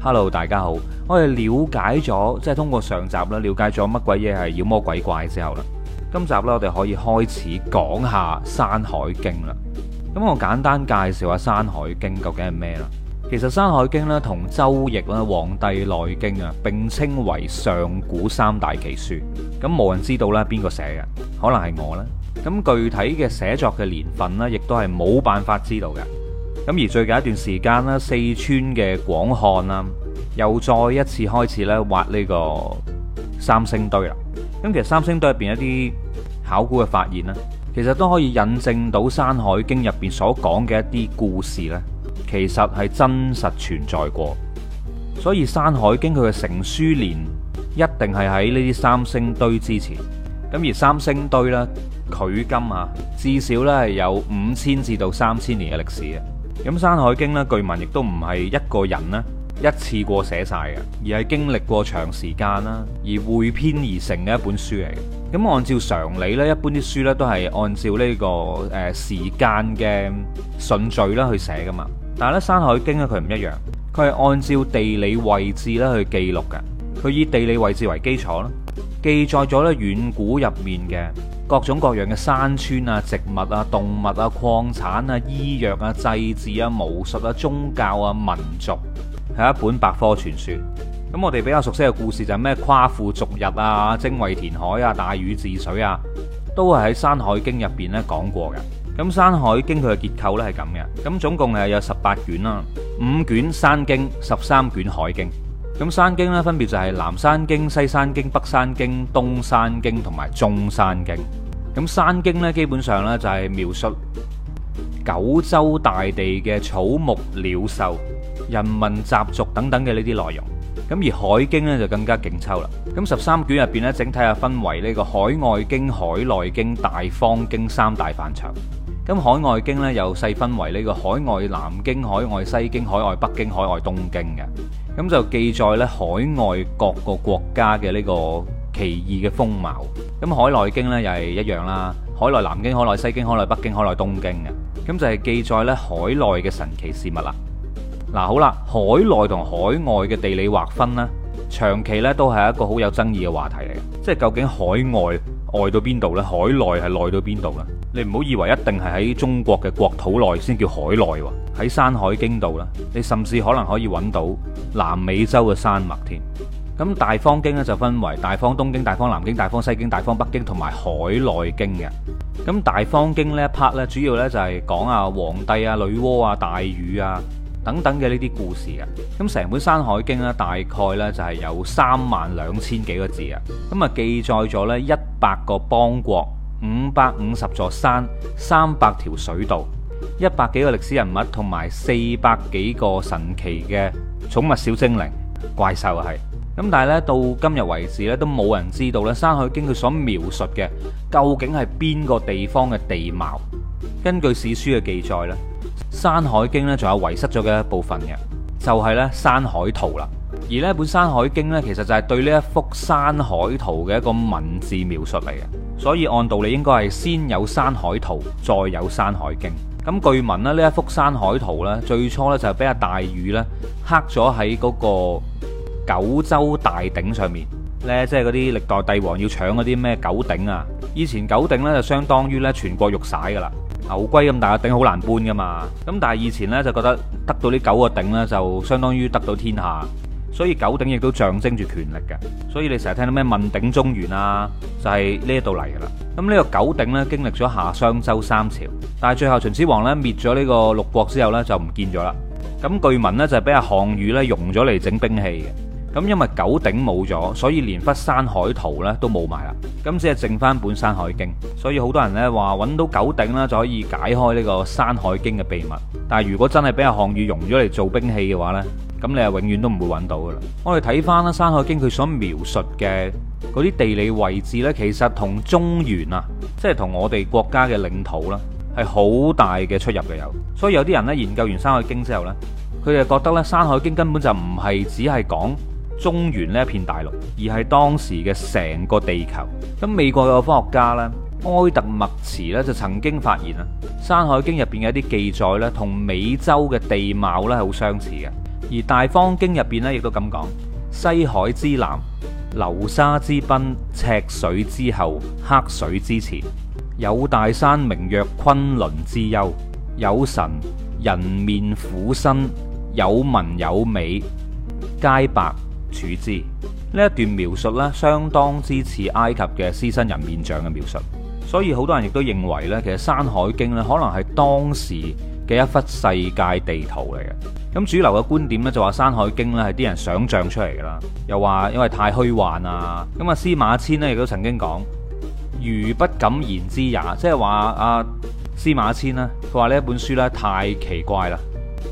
Hello，大家好！我哋了解咗，即係通過上集啦，了解咗乜鬼嘢係妖魔鬼怪之後啦，今集啦我哋可以開始講下《山海經》啦。咁我簡單介紹下《山海經》究竟係咩啦？其實《山海經》咧同《周易》啦、《黃帝內經》啊，並稱為上古三大奇書。咁冇人知道咧邊個寫嘅，可能係我咧。咁具體嘅寫作嘅年份呢，亦都係冇辦法知道嘅。咁而最近一段時間咧，四川嘅廣漢啦，又再一次開始咧挖呢個三星堆啦。咁其實三星堆入邊一啲考古嘅發現咧，其實都可以引證到《山海經》入邊所講嘅一啲故事咧，其實係真實存在過。所以《山海經》佢嘅成書年一定係喺呢啲三星堆之前。咁而三星堆呢，佢今啊，至少咧係有五千至到三千年嘅歷史。咁《山海經》啦，據聞亦都唔係一個人咧一次過寫晒嘅，而係經歷過長時間啦，而匯編而成嘅一本書嚟嘅。咁按照常理咧，一般啲書咧都係按照呢個誒時間嘅順序啦去寫噶嘛。但係咧《山海經》咧佢唔一樣，佢係按照地理位置咧去記錄嘅，佢以地理位置為基礎啦。記載咗咧遠古入面嘅各種各樣嘅山川啊、植物啊、動物啊、礦產啊、醫藥啊、祭祀啊、巫術啊、宗教啊、民族，係一本百科傳說。咁我哋比較熟悉嘅故事就係咩夸父逐日啊、精衛填海啊、大禹治水啊，都係喺《山海經》入邊咧講過嘅。咁《山海經》佢嘅結構咧係咁嘅，咁總共係有十八卷啦，五卷山經，十三卷海經。咁山經咧，分別就係南山經、西山經、北山經、東山經同埋中山經。咁山經咧，基本上咧就係描述九州大地嘅草木、鳥獸、人民習俗等等嘅呢啲內容。咁而海經咧就更加勁抽啦。咁十三卷入邊咧，整體啊分為呢個海外經、海內經、大方經三大範疇。咁海外經咧又細分為呢個海外南經、海外西經、海外北經、海外東經嘅。咁就記載咧海外各個國家嘅呢個奇異嘅風貌。咁、嗯、海內經呢，又係一樣啦，海內南京、海內西京、海內北京、海內東京嘅。咁、啊、就係、是、記載咧海內嘅神奇事物啦。嗱、啊，好啦，海內同海外嘅地理劃分呢，長期呢都係一個好有爭議嘅話題嚟嘅，即係究竟海外。外到邊度呢？海內係內到邊度呢？你唔好以為一定係喺中國嘅國土內先叫海內喎。喺山海經度呢，你甚至可能可以揾到南美洲嘅山脈添。咁大方經呢，就分為大方東經、大方南經、大方西經、大方北經同埋海內經嘅。咁大方經呢一 part 呢，主要呢就係講啊皇帝啊女媧啊大禹啊。等等嘅呢啲故事啊，咁成本《山海經》咧，大概咧就係有三萬兩千幾個字啊，咁啊記載咗咧一百個邦國、五百五十座山、三百條水道、一百幾個歷史人物，同埋四百幾個神奇嘅寵物小精靈、怪獸，係咁。但係咧到今日為止咧，都冇人知道咧《山海經》佢所描述嘅究竟係邊個地方嘅地貌，根據史書嘅記載咧。山海經咧，仲有遺失咗嘅一部分嘅，就係咧山海圖啦。而呢本山海經咧，其實就係對呢一幅山海圖嘅一個文字描述嚟嘅。所以按道理應該係先有山海圖，再有山海經。咁據聞呢，呢一幅山海圖咧，最初咧就俾阿大禹咧刻咗喺嗰個九州大鼎上面咧，即係嗰啲歷代帝王要搶嗰啲咩九鼎啊。以前九鼎咧就相當於咧全國玉璽噶啦。牛龜咁大個鼎好難搬噶嘛，咁但係以前呢，就覺得得到呢九個鼎呢，就相當於得到天下，所以九鼎亦都象徵住權力嘅，所以你成日聽到咩問鼎中原啊，就係呢一度嚟噶啦。咁呢個九鼎呢，經歷咗夏商周三朝，但係最後秦始皇呢，滅咗呢個六國之後呢，就唔見咗啦。咁據聞呢，就係俾阿項羽呢，熔咗嚟整兵器嘅。咁因為九鼎冇咗，所以連筆《山海圖》咧都冇埋啦。咁即係剩翻本《山海經》，所以好多人咧話揾到九鼎咧就可以解開呢個《山海經》嘅秘密。但係如果真係俾阿項羽融咗嚟做兵器嘅話呢，咁你係永遠都唔會揾到噶啦。我哋睇翻啦，《山海經》佢所描述嘅嗰啲地理位置呢，其實同中原啊，即係同我哋國家嘅領土啦，係好大嘅出入嘅有。所以有啲人咧研究完《山海經》之後呢，佢就覺得呢《山海經》根本就唔係只係講。中原呢一片大陸，而係當時嘅成個地球。咁美國嘅科學家呢，埃特麥茨呢，就曾經發現啦，《山海經》入邊嘅一啲記載呢，同美洲嘅地貌呢係好相似嘅。而《大方經》入邊呢，亦都咁講：西海之南，流沙之濱，赤水之後，黑水之前，有大山名曰昆崙之丘，有神人面虎身，有文有尾，皆白。處置呢一段描述呢，相當之似埃及嘅獅身人面像嘅描述，所以好多人亦都認為呢，其實《山海經》呢，可能係當時嘅一幅世界地圖嚟嘅。咁主流嘅觀點呢，就話《山海經》呢係啲人想象出嚟噶啦，又話因為太虛幻啊。咁啊司馬遷呢，亦都曾經講，如不敢言之也，即係話阿司馬遷呢，佢話呢一本書呢太奇怪啦，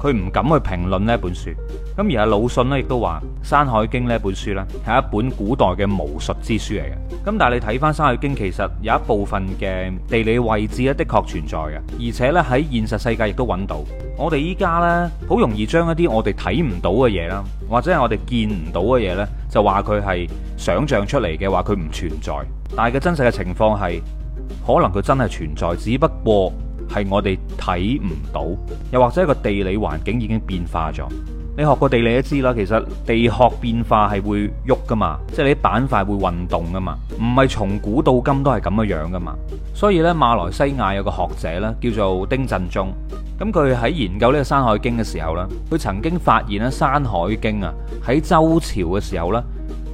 佢唔敢去評論呢本書。咁而係魯迅咧，亦都話《山海經》呢本書咧，係一本古代嘅巫術之書嚟嘅。咁但係你睇翻《山海經》，其實有一部分嘅地理位置咧，的確存在嘅，而且咧喺現實世界亦都揾到。我哋依家咧好容易將一啲我哋睇唔到嘅嘢啦，或者係我哋見唔到嘅嘢咧，就話佢係想象出嚟嘅，話佢唔存在。但係個真實嘅情況係可能佢真係存在，只不過係我哋睇唔到，又或者一個地理環境已經變化咗。你學過地理都知啦，其實地殼變化係會喐噶嘛，即係你啲板塊會運動噶嘛，唔係從古到今都係咁嘅樣噶嘛。所以呢，馬來西亞有個學者呢，叫做丁振宗，咁佢喺研究呢個《山海經》嘅時候呢，佢曾經發現咧，《山海經》啊喺周朝嘅時候呢，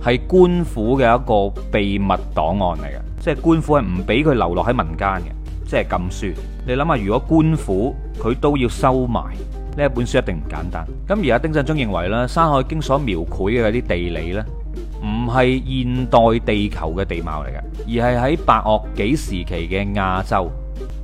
係官府嘅一個秘密檔案嚟嘅，即係官府係唔俾佢流落喺民間嘅，即係禁書。你諗下，如果官府佢都要收埋，呢一本書一定唔簡單。咁而家丁振中認為咧，《山海經》所描繪嘅啲地理呢，唔係現代地球嘅地貌嚟嘅，而係喺白堊紀時期嘅亞洲。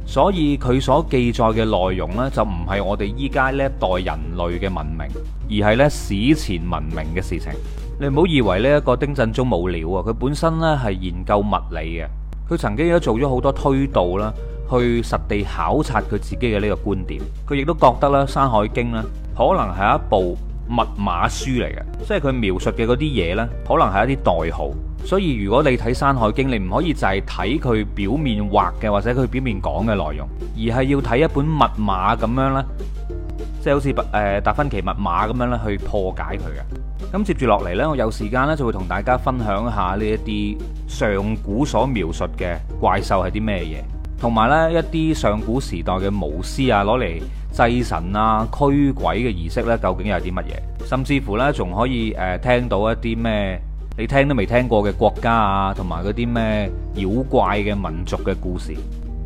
所以佢所記載嘅內容呢，就唔係我哋依家呢一代人類嘅文明，而係呢史前文明嘅事情。你唔好以為呢一個丁振中冇料啊，佢本身呢係研究物理嘅，佢曾經都做咗好多推導啦。去實地考察佢自己嘅呢個觀點。佢亦都覺得啦，《山海經》呢可能係一部密碼書嚟嘅，即係佢描述嘅嗰啲嘢呢，可能係一啲代號。所以如果你睇《山海經》，你唔可以就係睇佢表面畫嘅或者佢表面講嘅內容，而係要睇一本密碼咁樣咧，即係好似誒達芬奇密碼咁樣咧去破解佢嘅。咁、嗯、接住落嚟呢，我有時間呢，就會同大家分享下呢一啲上古所描述嘅怪獸係啲咩嘢。同埋咧，一啲上古時代嘅巫師啊，攞嚟祭神啊、驅鬼嘅儀式呢、啊，究竟有啲乜嘢？甚至乎呢，仲可以誒、呃、聽到一啲咩？你聽都未聽過嘅國家啊，同埋嗰啲咩妖怪嘅民族嘅故事。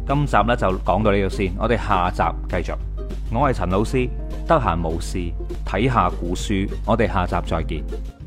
今集呢，就講到呢度先，我哋下集繼續。我係陳老師，得閒無事睇下古書，我哋下集再見。